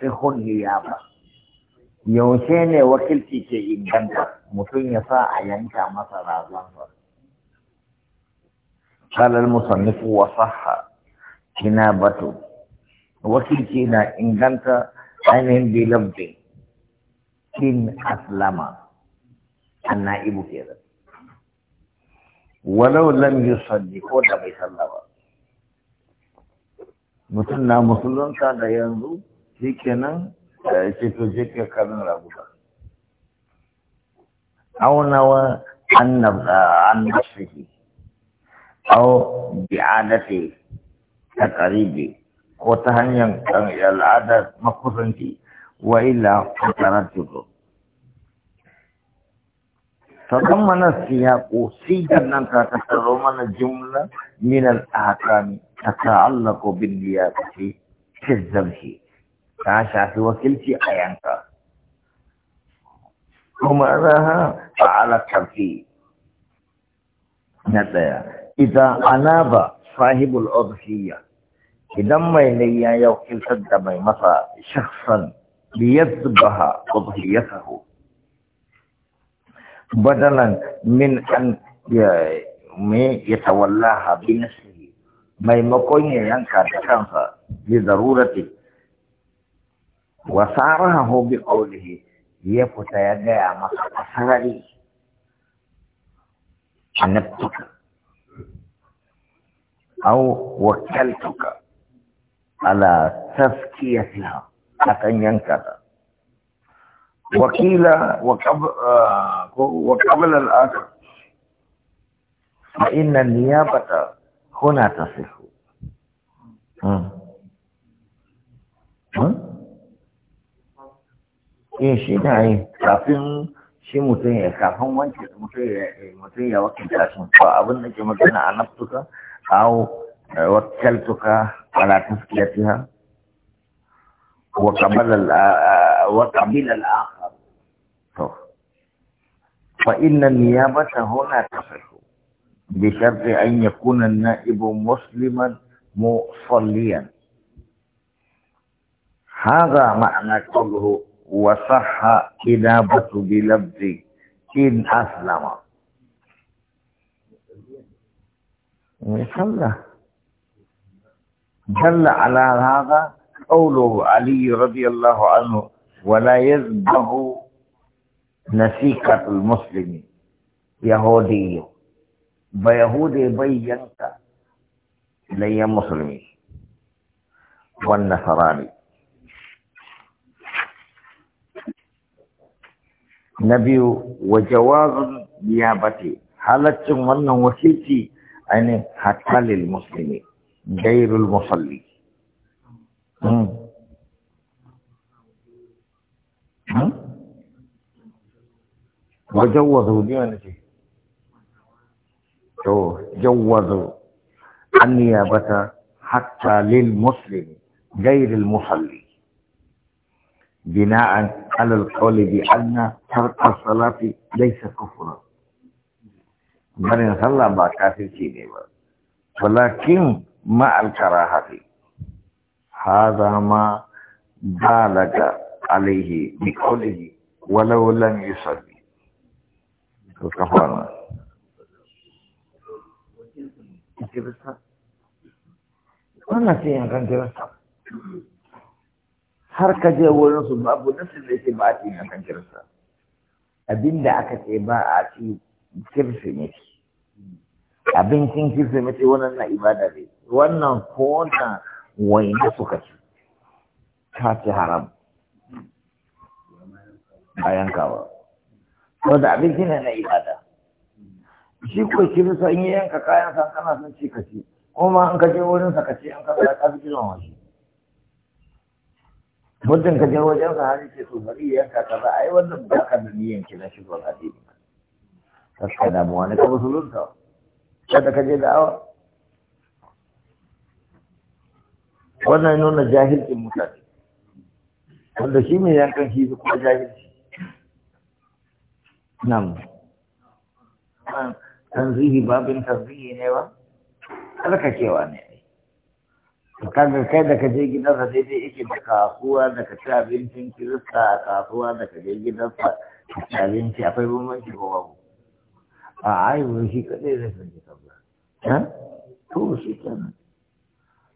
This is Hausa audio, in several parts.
sihun ba. yaushe ne wakilci ke inganta mutum ya sa a yanka masa razansa kalal musannifu wa saha kina bato, wakilci na inganta ainihin bilabdin kin aslama ke kenan walau lam yusalli ko da bai ba. mutum na musulunta da yanzu shi kenan ce to je ka kanin rabuka aunawa an nafsihi au bi'adati ta karibi ko ta hanyar al'adar makusanci wa illa fatarar tuto فضمن السياق سيجا أنك تتضمن جملة من الأحكام تتعلق بالنيابة في الذبح ta shafi wakilci a yanka kuma za ha fa'ala tafi na ɗaya ana ba sahibul udhiyya idan mai layya ya wakiltar da mai masa shakhsan liyadhbaha udhiyatahu badalan min an me ha bi nafsihi maimakon ya yanka da kansa bi darurati وصارها بقوله يفتا يدعى مصر أسرري عنبتك أو وكلتك على تزكيتها أكن ينكذا وقيل وقبل, الآخر فإن النيابة هنا تصح eh shi na yi kafin shi mutum ya kafin wanke mutum ya wakilta shi ba abin da ke magana a naftuka aw wakkaltuka ala tazkiyatiha wa qabala wa qabila al-akhar to fa inna niyabata huna tasihu bi sharti an yakuna an-na'ibu musliman musalliyan هذا معنى قوله وصح إنابة بلفظ إن أسلم صلى دل على هذا قوله علي رضي الله عنه ولا يذبح نسيكة المسلم يهودي بيهودي بينك لي مسلمين والنصراني نبيو وجواز نيابتي حالتهم وانهم وسيلتي يعني حتى للمسلمين غير المصلي وجوزوا دي وانا تو جوزوا النيابة حتى للمسلم غير المصلي بناء على القول بأن ترك الصلاة ليس كفرا بل صلى با كافر ولكن مع الكراهة هذا ما بالغ عليه بقوله ولو لم يصلي كفرنا كيف الصلاة؟ ولا شيء عن كيف har ka je wurin su babu nasu da yake ba a cikin akan abin abinda aka ce ba a ci kirsimeti abincin kirsimeti wannan na ibada ne wannan kona waina suka ci ta ci haram bayan kawa saboda abincin na ibada shi ko kirsa in yanka kayan san kana son ci ka ci kuma an ka je wurin sa ka ci an ka ka fi jiran wani muddin ka je wajen sa har yake so bari ya ka kaza ai wannan ba ka da niyan ki na shigo ga dini ka ka da mu ne ka musulunta kada ka je da awa wannan nuna jahilcin mutane wanda shi mai yankan shi kuma jahilci nan tanzihi babin tanzihi ne ba kewa ne kaga kai da ka je gidansa daidai yake da kasuwa da ka ci abincin kirista a kasuwa da ka je gidansa ka ci abinci akwai bambanci ko babu a aiwo shi kadai zai sanya kabla to shi kenan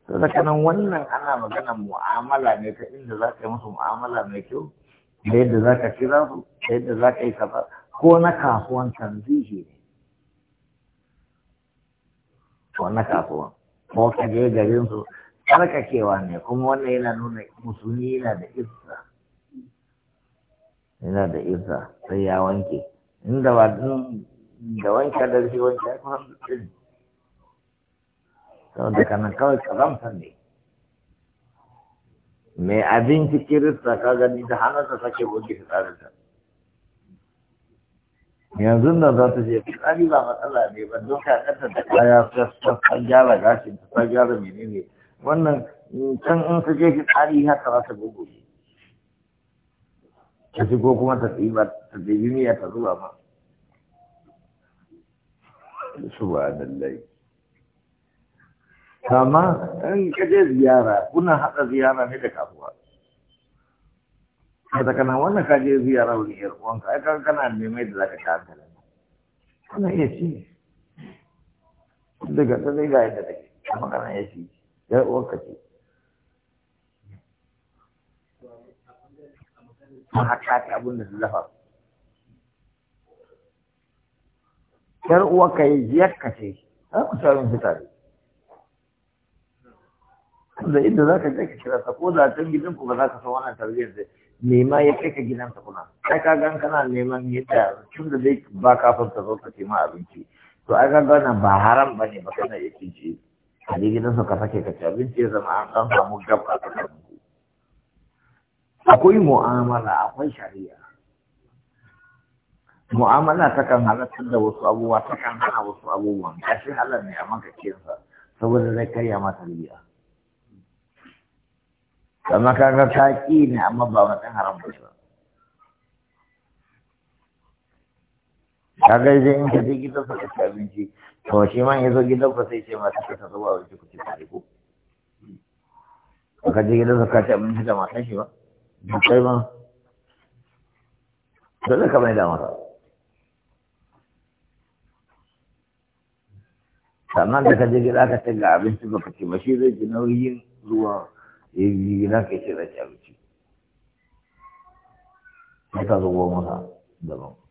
to da kanan wannan ana magana mu'amala ne ta inda za ka yi musu mu'amala mai kyau da yadda za ka kira su da yadda za ka yi kaza ko na kasuwan tanzihi ne to na kasuwan ko ka je garin su tsarkakewa ne kuma wannan yana nuna musulmi yana da isa yana da isa sai ya wanke inda ba da wanka da shi wanka ya kuma mutum saboda kanan kawai kazamta ne mai abinci kirista ka gani da hannunsa sake su fitsarinta yanzu da za ta je tsari ba matsala ne ba don kakanta da kaya ta gyara gashin ta gyara menene wannan can in su je ka tsari haka za ta gogo ta ci ko kuma ta tsiba ta tsibi miya ta ba ma subhanallah kama in ka je ziyara kuna haɗa ziyara ne da kafuwa kada kana wannan ka je ziyara wani yar uwanka ai kaga kana neman da zaka ta hankali kana iya ci daga ta zai ga yadda take amma kana iya ci yar uwarka ce haka ta abin da lafa yar uwarka yi ka ce za ku sharon fita ne da inda za ka je ka kira ta ko da can gidan ku ba za ka san wannan tarbiyyar da nema ya kai ka gidan ta kuna ka gan kana neman yadda tun da dai ba kafin ta zo ka ce ma abinci to ai ka gana ba haram bane ba kana yake ci a gidan su ka sake ka ci abinci ya zama an ɗan samu gab akwai mu'amala akwai shari'a mu'amala ta kan halartar da wasu abubuwa ta kan hana wasu abubuwa ga shi halar ne a makakinsa saboda zai karya mata riya amma kaga ka ƙi ne amma ba matsayin haram ba kaga sai in ka je gidan ka ci abinci to shi ma ya zo gidan ka sai ce ma ka ta zuwa abinci ku ci tare ko ka je gidan ka ci abinci da matan shi ba da kai ma dole ka mai da mata sannan da ka je gida ka ci ga abinci ba ka ci ba shi zai ji nauyin zuwa ya yi gida ka ci da ci abinci. Ka zo masa ba